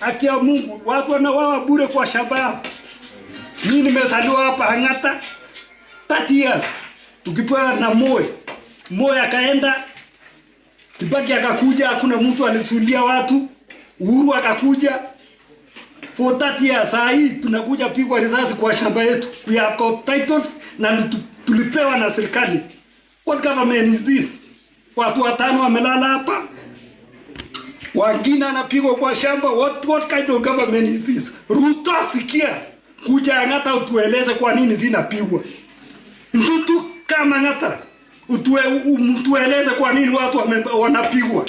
Haki ya Mungu, watu wanawawa bure kwa shamba yao. Mimi nimezaliwa hapa Hang'ata 30 years tukipewa na Moi. Moi akaenda Kibaki, akakuja hakuna mtu alisulia watu. Uhuru akakuja For 30 years saa hii tunakuja pigwa risasi kwa shamba yetu. We have got titles na tulipewa na serikali. What government is this? Watu watano wamelala hapa. Wengine anapigwa kwa shamba. What, what kind of government is this? Ruto, sikia. Kuja Ang'ata utueleze kwa nini zinapigwa. Mtu kama Ang'ata, utueleze kwa nini watu wanapigwa.